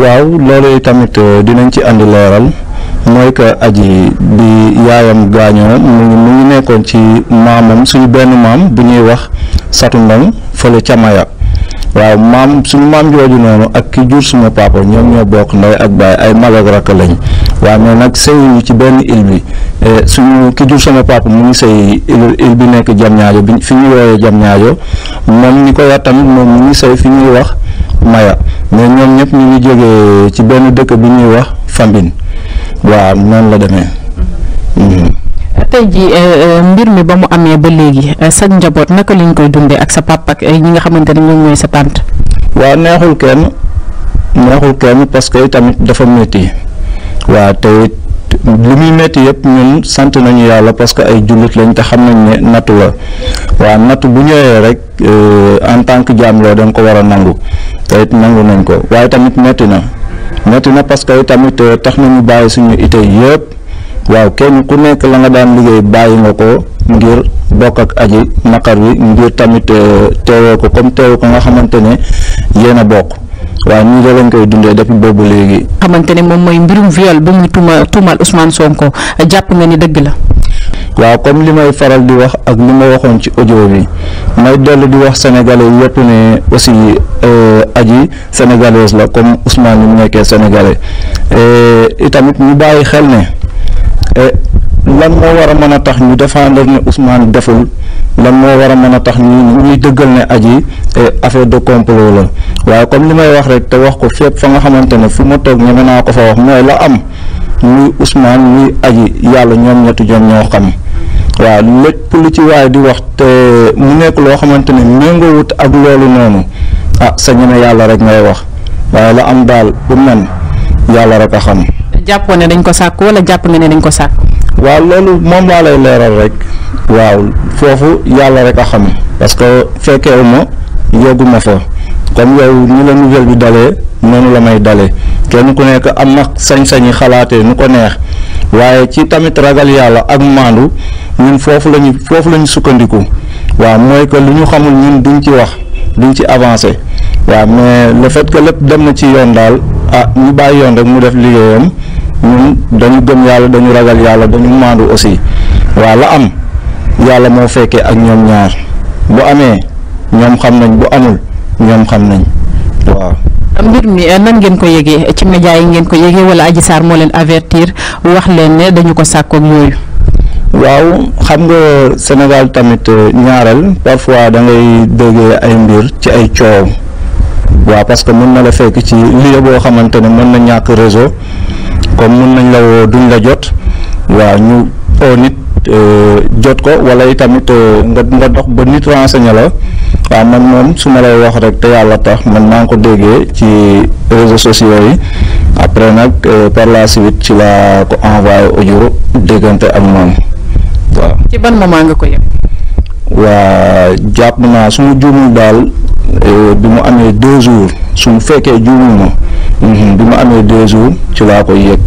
waaw loolu tamit euh, dinañ ci andi leeral mooy que aji bi yaayam gaañoo mu ngi nekkoon ci maamam suñu benn maam bu ñuy wax satu ndong fële camaya waaw maam suñu maam jooju noonu ak ki jur suma papa ñoom ñoo bokk ndey ak baay ay mag rakk lañ waa mais nag sëyuñu ci benn île bi euh, suñu ki jur sama papa mu ngi sëy île bi nekk jam ñaajo bi fi ñu woowee jam ñaajo moom ñi ko yar tamit moom mu ngi sëy fi ñuy wax maya mais ñoom ñëpp ñu ngi jógee ci benn dëkk bi ñuy wax Fambine waaw noonu la demee. Mm-hmm. tey jii euh, euh, mbir mi ba mu amee ba léegi euh, sa njaboot naka lañ koy dundee ak sa papa ak ñi nga xamante ne ñoom ñooy sa tante. waaw neexul kenn neexul kenn parce que tamit dafa métti waaw te li muy métti yëpp ñun sant nañu yàlla parce que ay jullit lañu te xam nañ ne nattu la waaw nattu bu ñëwee rek euh, en tant que jaam loo dañ ko war a nangu te nangu nañ ko waaye tamit métti na métti na parce que tamit euh, tax nañu bàyyi suñu ite yëpp waaw kenn ku nekk la nga daan liggéey bàyyi nga ko ngir bokk ak aji naqar wi ngir tamit euh, teewoo ko comme teewoo ko nga xamante ne yéen a bokk. waaw ñu ngi lañ koy dundee depuis boobu léegi. xamante ne moom mooy mbirum viol ba muy tuuma tuumal Ousmane Sonko jàpp nga ni dëgg la. waaw comme li may faral di wax ak li ma waxoon ci audio bi may dellu di wax sénégalais yëpp ne aussi euh, aji sénégalaise la comme Ousmane ni mu nekkee sénégalais itamit ñu bàyyi xel ne euh, lan moo war a mën a tax ñu défendre ne Ousmane deful. lan moo war a mën a tax ñu ñuy dëggal ne aji eh, affaire de complot waaye comme li may wax rek te wax ko fépp fa nga xamante ne fu ma toog ñeme naa ko fa wax mooy la am muy Ousmane muy aji yàlla ñoom ñetti ñoom ñoo xam waaw lépp lu ci waaye di wax te mu nekk loo xamante ne wut ak loolu noonu ah sa ñeme yàlla rek ngay wax waaye la am daal bu man yàlla rek a xam. jàpp ne dañ ko sàkk wala jàpp nga ne dañ ko sàkk. waaw loolu moom laa lay leeral rek waaw foofu yàlla rek a xam parce que fekkeewu ma yeggu ma fa comme yow ni la nouvelle bi dalee noonu la may dale kenn ku nekk am na sañ-sañi xalaatee nu ko neex waaye ci tamit ragal yàlla ak maandu ñun foofu lañu foofu la sukkandiku waaw mooy que lu ñu xamul ñun duñ ci wax duñ ci avancé waaw mais le fait que lépp dem na ci yoon daal ah ñu bàyyi yoon rek mu def liggéeyam ñun dañu gëm yàlla dañu ragal yàlla dañu maandu aussi waa la am yàlla moo fekkee ak ñoom ñaar bu amee ñoom xam nañ bu amul ñoom xam nañ waaw. mbir mi eh, nan ngeen ko yëgee ci média yi ngeen ko yëgee wala Adji Sarr moo leen avertir wax leen ne dañu ko sàkkoog yooyu. waaw xam nga Sénégal tamit eh, ñaareel parfois da ngay déggee ay mbir ci ay coow waa parce que mën na la fekk ci lieu boo xamante ne mën na ñàkk réseau. comme mun nañ la woo duñ la jot waaw ñu oo nit euh, jot ko wala itamit euh, nga nga dox ba nit renseigné la waaw man moom su ma lay wax rek te yàlla tax man maa ngi ko déggee ci réseaux sociaux yi après nag euh, par la ci la ko envoyé audio déggante ak moom waa ci ban maa nga ko yëg. waa jàpp naa su ma juumul daal bi mu amee deux jours su mu fekkee juumul ma Mhm, bi ma amee deux jours ci laa ko yëg.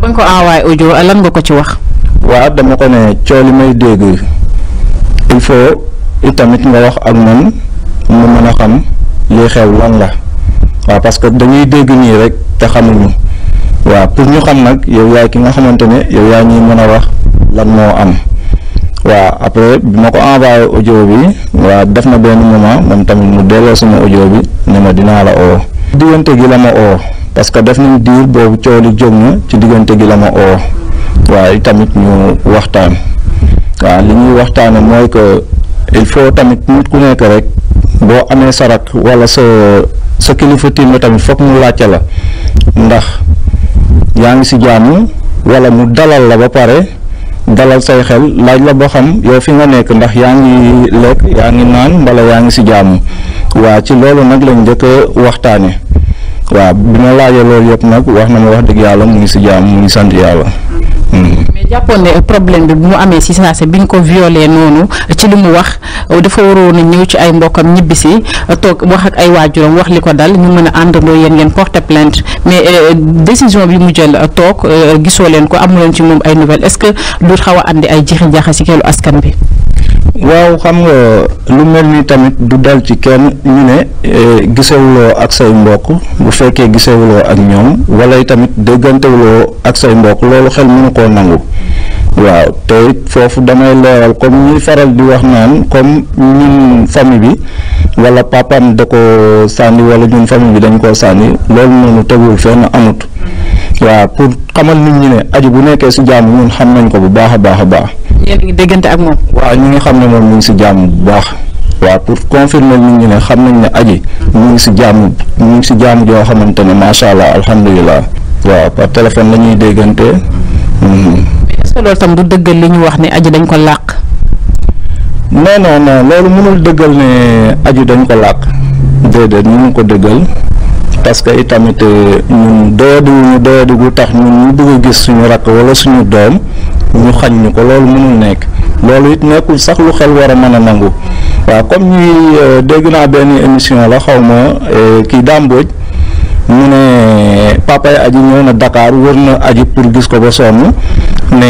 ba nga ko envoyé audio lan nga ko ci wax. waaw dama ko ne coow li may dégg il wax ak man mu a xam li xew lan la parce que dañuy dégg nii rek te xamuñu pour ñu xam nag yow ki nga xamante ne yow yaa ñuy mën a wax lan moo am waaw après bi ko envoyé audio bi def na benn moment moom tamit mu delloo sama audio bi ne ma dinaa la oo. diggante gi la ma oo parce que def nañ diir boobu coow li jóg na ci diggante gi la ma oo waaye tamit ñu waxtaan waa li ñuy waxtaane mooy que il faut tamit nit ku nekk rek boo amee sarak wala sa sa kilifa tiim la tamit foog mu laajte la ndax yaa ngi si jàmm wala mu dalal la ba pare dalal say xel laaj la ba xam yow fi nga nekk ndax yaa ngi lekk yaa ngi naan mbala yaa ngi si jàmm waaw ci loolu nag lañ njëkk a waxtaane waaw bi ma laajee loolu yëpp nag wax na ma wax dëgg yàlla mu ngi si jaam mu ngi sant yàlla. Hmm. mais jàppoon ne problème bi bu mu amee si saase bi ñu ko violé noonu ci li mu wax dafa waroon a ñëw ci ay mbokkam ñibbisi toog wax ak ay waajuram wax li ko dal ñu mën a àndandoo yéen ngeen porter plainte mais euh, décision bi mu jël euh, toog euh, gisoo leen ko amu leen ci moom ay nouvelles est-ce que du xaw a andi ay jixi jaaxa si keelu askan bi. waaw xam nga lu mel ni tamit du dal ci kenn ñu ne eh, gisewuloo ak say mbokk bu fekkee gisewuloo ak ñoom wala tamit déggantewuloo ak say mbokk loolu xel mënu koo nangu waaw te it foofu damay leeral comme naan comme ñun famille bi wala papam da ko sànni wala ñun famille bi dañ koo sànni loolu noonu tegul fenn amut waaw pour xamal nit ñi ne aju bu nekkee si jàmm ñun xam nañ ko bu baax a baax a baax yéen ngi déggante ak moom. waaw ñi nga xam ne moom mu ngi si jàmm bu baax. waa pour confirmer nit ñi ne xam nañ ne aji. ñu ngi si jàmm ñu ngi si jàmm joo xamante ne macha allah alhamdulilah. waaw par téléphone lañuy déggante. Mhm. mais est ce que loolu tam du dëggal li ñu wax ni aji dañ ko làq. non non non loolu mënul dëggal ne aji dañ ko làq. déedéet ñu ngi ko dëggal. parce que itamit euh, ñun doyadi wu gu tax ñun ñu bëgg a gis suñu rakk wala suñu doom. ñu xañ ñu ko loolu mënul nekk loolu it nekkul sax lu xel war a mën a nangu waaw comme ñuy euh, dégg naa benn émission la xaw ma euh, kii dàmbooj mu ne papa yi aji ñëw na Dakar wër na aji pour gis ko ba sonn ne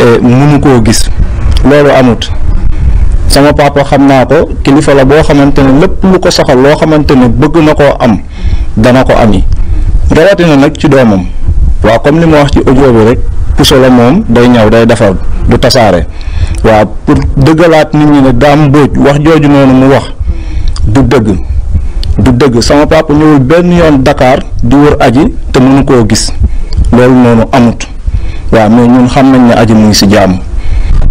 euh, mënu koo gis loolu amut sama papa xam naa ko kilifa la boo xamante ne lépp lu ko soxal loo xamante ne bëgg na koo am dana ko ami rawatina nag ci doomam waaw comme li ma wax ci audio rek puso la moom day ñaw day defar du tasaare waaw pour dëggalaat nit ñi ne daam mbóoj wax jooju noonu mu wax du dëgg du dëgg sama papa ñëwul benn yoon dakaar di wër aji te mënu koo gis loolu noonu amut waaw mais ñun xam nañ ne aji mu ngi si jàmm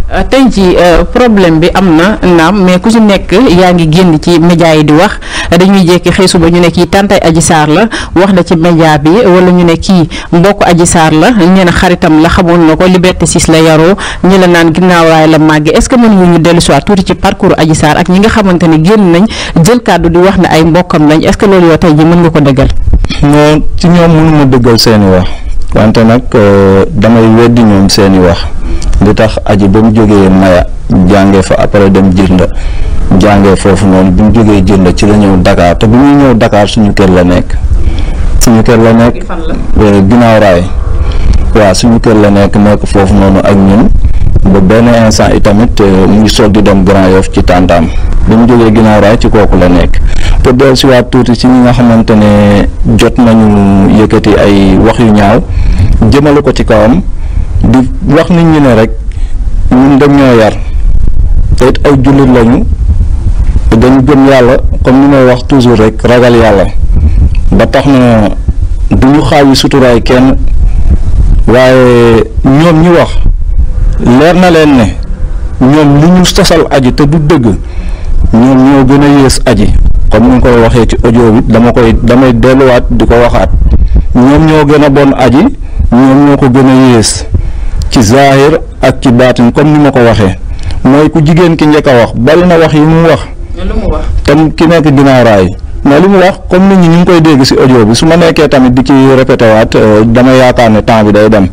Euh, tey ci euh, problème bi am na naam mais ku su nekk yaa ngi génn ci média yi di wax dañuy jékki xëy ba ñu ne kii tantay Adji Sarr la wax na ci média bi wala ñu ne kii mbokk Adji Sarr la ñu ne xaritam la xamoon na ko Liberté 6 la yaroo ñi la naan ginnaawaay la màggee est-ce que mën nga ñu dellu tuuti ci parcours Adji Sarr ak ñi nga xamante ne génn nañ jël kàddu di wax ne ay mbokkam lañ est-ce que loolu yow tey ji mën nga ko dëggal. non ci ñoom mënuma dëggal seeni wax wante nag euh, damay weddi ñoom seeni wax. li tax aji ba mu jógee maya jàngee fa après dem jënd jàngee foofu noonu bi mu jógee jënd ci la ñëw Dakar te bu muy ñëw Dakar suñu kër la nekk suñu kër la nekk euh, ginnaaw raay suñu kër la nekk nekk foofu noonu ak ñun ba benn instant itamit euh, mu ngi sol di dem Grand yof ci tàntaam bi mu jógee ginnaaw ci kooku la nekk te dellusiwaat tuuti ci ñi nga xamante ne jot nañu yëkkati ay wax yu ñaaw jëmale ko ci kawam di wax nit ñi ne rek ñun dañ ñoo yar te ay jullit lañu dañ gëm yàlla comme ni may wax toujours rek ragal yàlla ba tax na du ñu xaawi suturaay kenn waaye ñoom ñi wax leer na leen ne ñoom li ñu sosal aji te du dëgg ñoom ñoo gën a yées aji comme ni koy waxee ci audio bi dama koy damay delluwaat di ko waxaat ñoom ñoo gën a bon aji ñoom ñoo ko gën a yées ci zaahir ak ci baatin comme ni ma ko waxee mooy ku jigéen ki njëkk a wax bari na wax yi mu wax tam ki nekk ginnaaw raay mais li mu wax comme nit ñi ñu ngi koy dégg si audio bi su ma nekkee tamit di ci répété euh, dama yaakaar ne temps bi day dem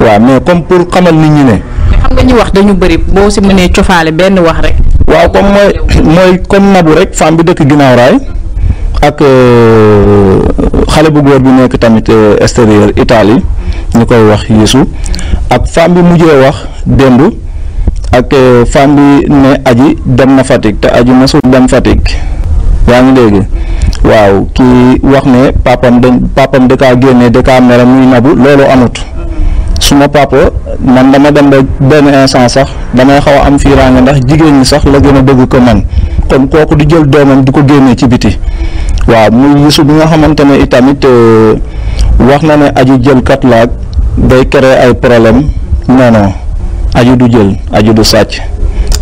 waaw mais comme pour xamal nit ñi ne. xam nga ñu wax dañu bëri boo si mënee cofaale benn wax rek. waaw comme mooy mooy comme nabu rek femme bi dëkk ginnaaw raay ak euh, xale bu góor bi nekk tamit euh, extérieur Italie ñu koy wax Yeesu ak femme bi mujjee wax démb ak eh, femme bi ne aji dem na Fatick te aji mosul dem Fatick yaa ngi dégg waaw kii wax ne papam dañ papam da kaa génne da kaa mere muy nabu loolu amut suma papa man dama dem ba benn instant sax damay xaw a am fiiraange ndax jigéen ñi sax la gën a bëgg ko man kon kooku di jël doomam di ko génne ci biti waaw muy yusu bi nga xamante ne itamit eh, wax na ne aji jël kat laag day créer ay problème non non aju du jël aju du sàcc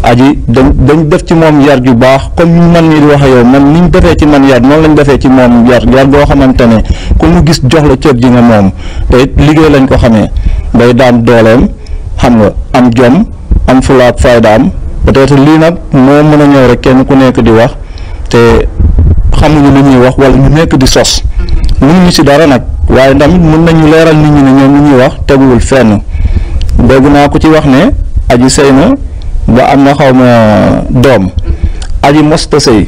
aji dañ dañ def ci moom yar ju baax comme ñu man nii di wax yow man ni ñu defee ci man yar noonu lañu defee ci moom yar yar goo xamante ne ku mu gis jox la cër ji nga moom te liggéey lañ ko xamee day daan dooleem xam nga am jom am fulaak faydaam peut-être lii nag moo mën a ñëw rek kenn ku nekk di wax te xamuñu lu ñuy wax wala ñu nekk di sos mënuñu ci dara nag. waaye tamit mën nañu leeral nit ñi ne ñoom li ñuy wax teguwul fenn dégg naa ko ci wax ne aji sëy na ba am na xaw doom aji mosta sëy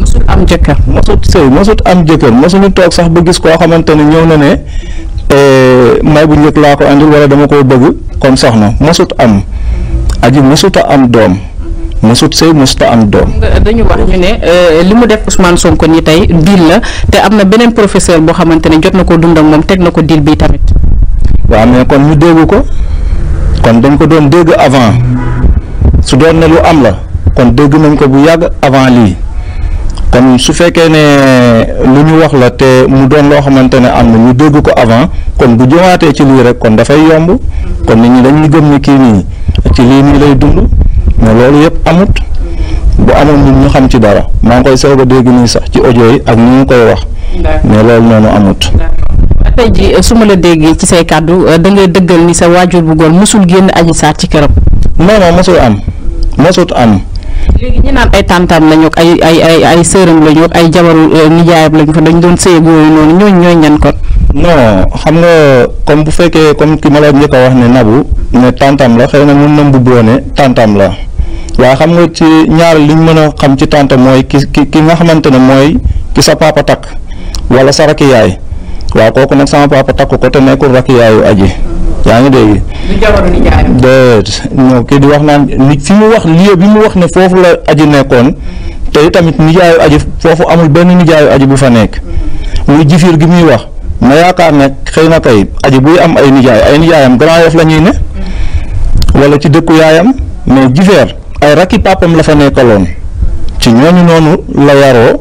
mosut am jëkkër mosut sëy am jëkkër mosuñu toog sax ba gis koo xamante ne ñëw na ne eh, may bu njëkk laa ko andil wala dama koo bëgg comme soxna mosut am aji mosuta am doom mësut sëy mësut am doom. dañu wax ñu ne euh, li mu def Ousmane Sonko nii tey diil la te am na beneen professeur boo xamante ne jot na ko dund ak moom teg na ko diil bi tamit. waaw mais kon ñu dégg ko kon dañ ko doon dégg avant su doon ne lu am la kon dégg nañ ko bu yàgg avant lii kon su fekkee ne euh, lu ñu wax la te mu doon loo xamante ne am na ñu dégg ko avant kon bu jëwaatee ci lii rek kon dafay yomb kon nit ñi dañuy gëm ni kii nii ci lii nii lay dund. mais loolu yëpp amut bu amoon ñun ñu xam ci dara maa ngi koy soog a dégg nii sax ci audio yi ak ni ñu koy wax. mais loolu noonu amut. tey ji su ma la déggee ci say kàddu euh, da ngay dëggal ni sa waajur bu góor mosul génn Adji saat ci këram. non non mosul am mosut am. léegi ñu naan ay tàntam lañu ay ay ay ay sëram lañu ay jabaru euh, nijaayam lañu ko dañ doon sëy yooyu noonu ñooñu ñooy ñan kon. non xam nga comme bu fekkee comme ki ma la njëkk a wax ne nabu ne tantam la xëy na mën na mbubboo ne tantam la waaye xam nga ci ñaar liñ mën a xam ci tantam mooy ki ki ki nga xamante ne mooy ki sa papa takk wala sa rakk yaay waaw kooku nag sama papa takk ko te nekkul rakk yaayu aji yaa ngi dégg. déet non kii di wax naan ni fi mu wax lieu bi mu wax ne foofu la aji nekkoon te tamit nijaayu aji foofu amul benn nijaayu aji bu fa nekk muy jifir gi muy wax. ma yaakaar ne xëy na tey aji buy am ay nijaay ay nijaayam Grand Yoff la ñuy ne wala ci dëkku yaayam mais Jifeer ay rakki papam la fa nekkaloon ci ñooñu noonu la yaroo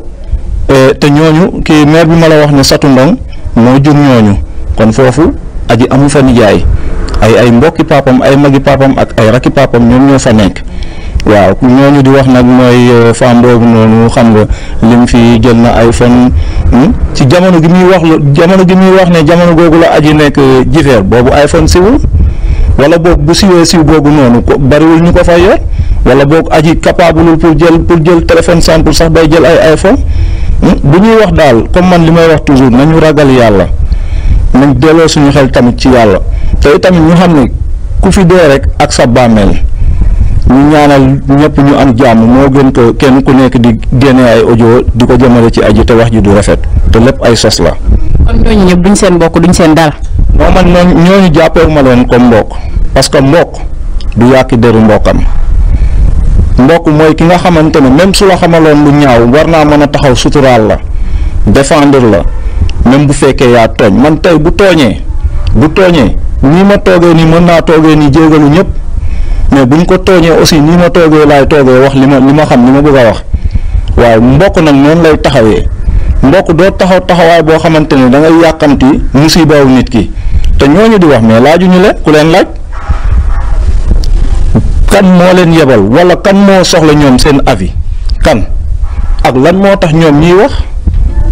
eh, te ñooñu ki maire bi ma la wax ne Satu Ndong moo jur ñooñu kon foofu aji amu fa nijaay ay ay mbokki papam ay magi papam ak ay rakki papam ñoom ñoo fa nekk waaw ñooñu di wax nag mooy eh, femme boobu noonu xam nga lim fi jël na ay fan hmm? jamono gi muy wax la jamono gi muy wax ne jamono googu la aji nekk euh, jifeer boobu iPhone siwul wala boog bu siwee siw googu noonu ko bariwul ñu ko fay yor wala boog aji capable pour jël pour jël téléphone cent pour sax day jël ay iPhone hmm? bu ñuy wax daal comme man li may wax toujours na ñu ragal yàlla nañ delloo suñu xel tamit ci yàlla te itamit ñu xam ne ku fi dee rek ak sa bàmmeel ñu ñaanal ñëpp ñu am jàmm moo gën ko kenn ku nekk di génne ay audio di ko jëmale ci aji te wax ji du rafet. te lépp ay sos la. kon ñooñu ñëpp duñ seen mbokk duñ seen dara. non man ñooñu ñooñu ma leen comme mbokk parce que mbokk du yàqi deru mbokkam mbokk mooy ki nga xamante ne même su la xamaloon lu ñaaw war naa mën a taxaw suturaal la défendre la même bu fekkee yaa tooñ man tey bu tooñee bu tooñee nii ma toogee nii mën naa toogee nii jéegalu ñëpp mais buñ ko tooñee aussi nii ma toogee laay toogee wax li ma li ma xam li ma bëgg a wax waaye mbokk nag noonu lay taxawee. mbokk doo taxaw taxawaay boo xamante ni da ngay yàqamti musibaaw nit ki te ñooñu di wax mais laajuñu leen ku leen laaj kan moo leen yebal wala kan moo soxla ñoom seen avis kan ak lan moo tax ñoom ñiy wax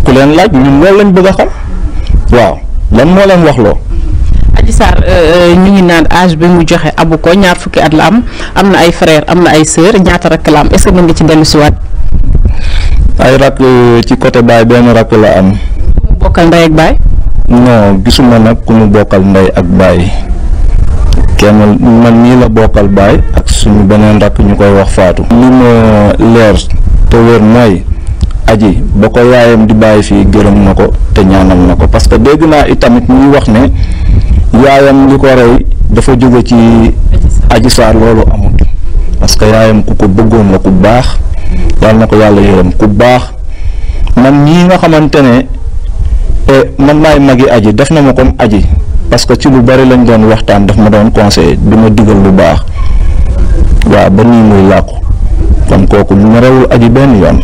ku leen laaj ñun loolu lañ bëgg a xam waaw lan moo leen wax loo Adji Sarr euh, euh, ñu ngi naan âge bi mu joxe abu ko ñaar fukki at la am am na ay frère am na ay sœur ñaata rakk la am est-ce que nga ci dellusiwaat ay rakk eh, ci côté baay benn rakk la am. ku bokkal ndey ak baay. non gisuma nag ku mu bokkal ndey ak baay kenn man nii la bokkal baay ak suñu beneen rakk ñu koy wax faatu. li ma leer te wér mooy. aji ba ko yaayam di bàyyi fii gërëm na ko te ñaanal na ko parce que dégg naa itamit ñuy wax ne yaayam li ko rey dafa jóge ci aji saar loolu amut parce que yaayam ku ko bëggoon la ku baax yàlla na ko yàlla yërëm ku baax man ñii nga xamante ne eh, man maay magi aji def na ma comme aji parce que ci lu bari lañ doon waxtaan daf ma doon conseil di ma digal lu baax waaw ba nii muy làqu kon kooku lu ma rewul aji benn yoon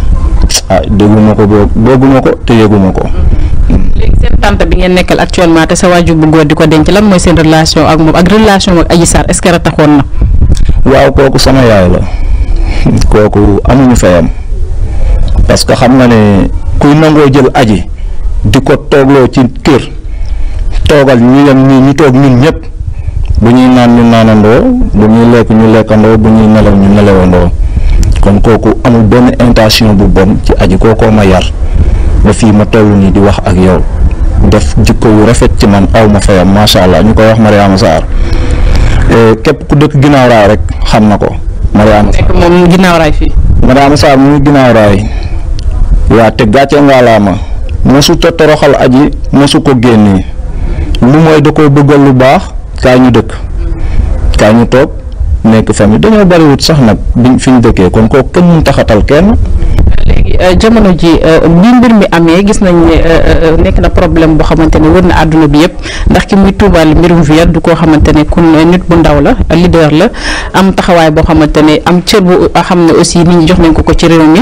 ah dégguma ko boog dégguma ko te yëguma ko. léegi seen tante bi ngeen nekkal actuellement te sa waajur bu góor di ko denc lan mooy seen relation ak moom ak relation ak Adji Sarr est-ce que rataxoon na. waaw kooku sama yaay la. kooku amuñu fayam parce que xam na ne kuy nangoo jël aji di ko toogloo ci kër toogal ñu yem nii ñu toog ñun ñëpp bu ñuy naan ñu naanandoo bu ñuy lekk ñu lekkandoo bu ñuy nelaw ñu nelawandoo kon kooku amul benn intention bu bon ci aji kookoo ma yar ba fii ma toll nii di wax ak yow def jikko yu rafet ci man aw ma fayam macha allah ñu koy wax Mariama Sarr eh, képp ku dëkk ginnaaw rek xam na ko. Mariama Sarr moom ginnaaw raay fii. Mariama Sarr mu ngi ginnaaw raay. waa te gàcce ngaalaama mosu ca toroxal aji mosu ko génnee lu mooy da koo bëggal lu baax kaay ñu dëkk kaay ñu toog nekk famille dañoo bariwut sax nag biñ fi ñu dëkkee kon kooku kenn mun taxatal kenn. Euh, jamono ji euh, bi mbir mi amee gis nañ ne euh, nekk na problème boo xamante ne wër na àdduna bi yëpp ndax ki muy tuubaal mbirum viol du koo xamante ne ku nit bu ndaw la leader la am taxawaay boo xamante ne am cër bu xam ne aussi nit ñi jox nañ ko ko ci réew mi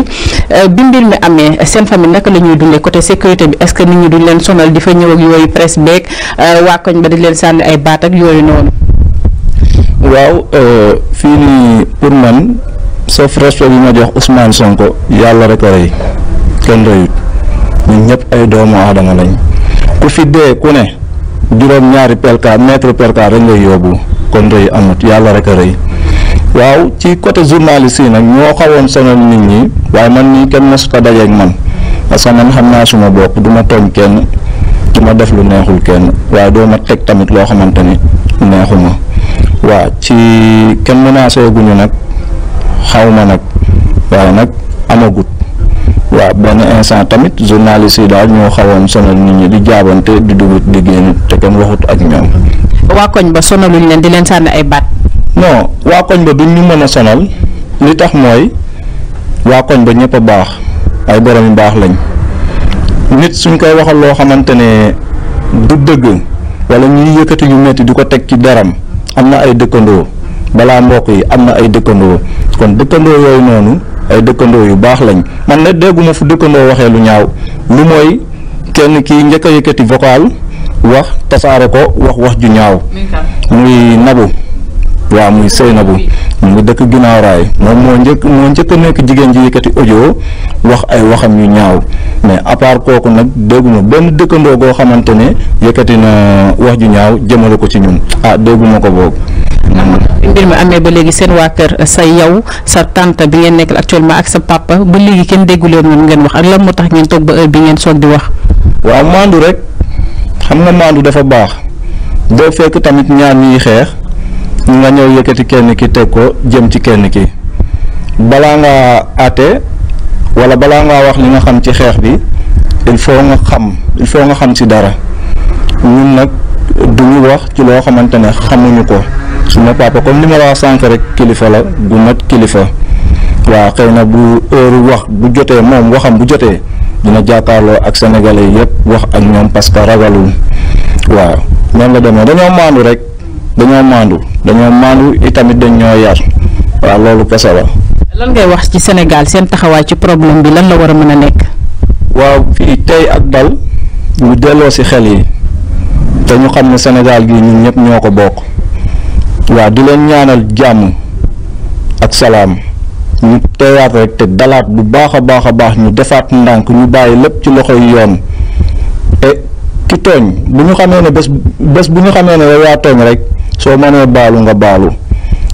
bi mbir mi amee seen famille naka la ñuy dundee côté sécurité bi est-ce que nit ñi duñ leen sonal di fa ñëw ak yooyu presse beeg waa koñ ba di leen sànni ay baat ak yooyu noonu. waaw fii nii pour man. sauf respect bi ma jox Ousmane Sonko yàlla rek a rey kenn reyut ñun ñëpp ay doomu aadama lañ ku fi dee ku ne juróom ñaari pelka mètre pelka dañ lay yóbbu kon rëy amut yàlla rek a rëy waaw ci côté journaliste yi nag ñoo xawoon sonal nit ñi waaye man nii kenn su ko dajeeg man parce que man xam naa suma bopp duma ma tooñ kenn du ma def lu neexul kenn waaye doo teg tamit loo xamante ni neexuma waa ci kenn menacé guñu nag. xaw ma nag waaw nag amagut waaw benn instant tamit journaliste yi daal ñoo xawoon sonal nit ñi di jaabante di dugut di génn te kenn waxut ak ñoom. waa koñ ba sonaluñ leen di leen sànni ay baat. non waa koñ ba duñ ñu mën a sonal li tax mooy waa ba ñëpp baax ay borom yu baax lañ nit suñ koy waxal loo xamante ne du dëgg wala ñuy yëkkati ñu metti di ko teg ci deram am na ay dëkkandoo balaa mbokk yi am na ay dëkkandoo. kon dëkkandoo yooyu noonu ay dëkkandoo yu baax lañ man ne dégguma fu dëkkandoo waxee lu ñaaw lu mooy kenn kii njëkk a yëkkati vocal wax tasaare ko wax wax ju ñaaw muy nabu waaw muy sëy nabu mu dëkk ginnaaw moom moo njëkk moo njëkk nekk jigéen ji yëkkati wax ay waxam yu ñaaw mais à part kooku nag dégguma benn dëkkandoo goo xamante ne yëkkati na wax ju ñaaw jëmale ko ci ñun ah dégguma ko boobu bi mbir mi amee ba léegi seen waa kër sa yow sa tante bi ngeen nekkal actuellement ak sa papa ba léegi kenn dégguleen woon ngeen wax ak lan moo tax ngeen toog ba heure bi ngeen soog di wax. waaw maandu rek xam nga maandu dafa baax doo fekk tamit ñaar ñuy xeex nga ñëw yëkkati kenn ki teg ko jëm ci kenn ki balaa ngaa àtte wala balaa ngaa wax li nga xam ci xeex bi il faut nga xam il faut nga xam si dara ñun nag duñu wax ci loo xamante ne xamuñu ko. suma papa comme li ma la sànq rek kilifa la gu mat kilifa waaw xëy na bu heure wax bu jotee moom waxam bu jotee dina jàkkaarloo ak sénégalais yépp wax ak ñoom parce que ragalul waaw noonu la demee dañoo maandu rek dañoo maandu dañoo maandu itamit dañ ñoo yar waaw loolu kese la. lan ngay wax ci Sénégal seen taxawaay ci problème bi lan la war a mën a nekk. waaw fii tey ak dal ñu delloo ci xel yi te ñu xam ne Sénégal gi ñun ñépp ñoo ko bokk. waaw di leen ñaanal jàmm ak salaam ñu teewaat rek te dalaat bu baax a baax a baax ñu defaat ndànk ñu bàyyi lépp ci loxo yoon te ki tooñ bu ñu xamee ne bés bu ñu xamee ne yow yaa tooñ rek soo mënee baalu nga baalu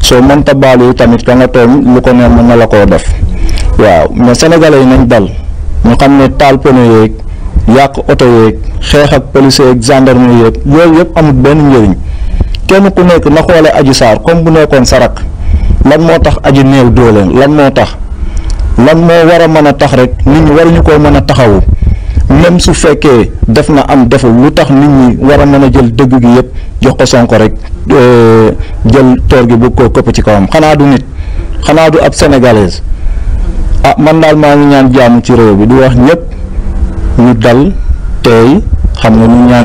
soo mënta baalu tamit ka nga tooñ lu ko ne mën na la koo def waaw mais sénégalais yi nañ dal ñu xam ne taal pneu yeeg yàq oto yeeg xeex ak police yeeg gendarmerie yeeg yooyu yëpp amul benn njëriñ. kenn ku nekk na xoolee aju saar comme bu nekkoon sa rak lan moo tax aju néew dooleen lan moo tax lan moo war mën a tax rek nit ñi waruñu ko mën a taxawu même su fekkee def na am deful lu tax nit ñi war a mën a jël dëgg gi yëpp jox ko sonko rek euh, jël toor gi bu ko këpp ci kawam xanaa du nit xanaa du ab sénégalaise a ah, man daal maa ngi ñaan jàmm ci réew bi di wax ñëpp ñu dal tey xam nga ñu ñaan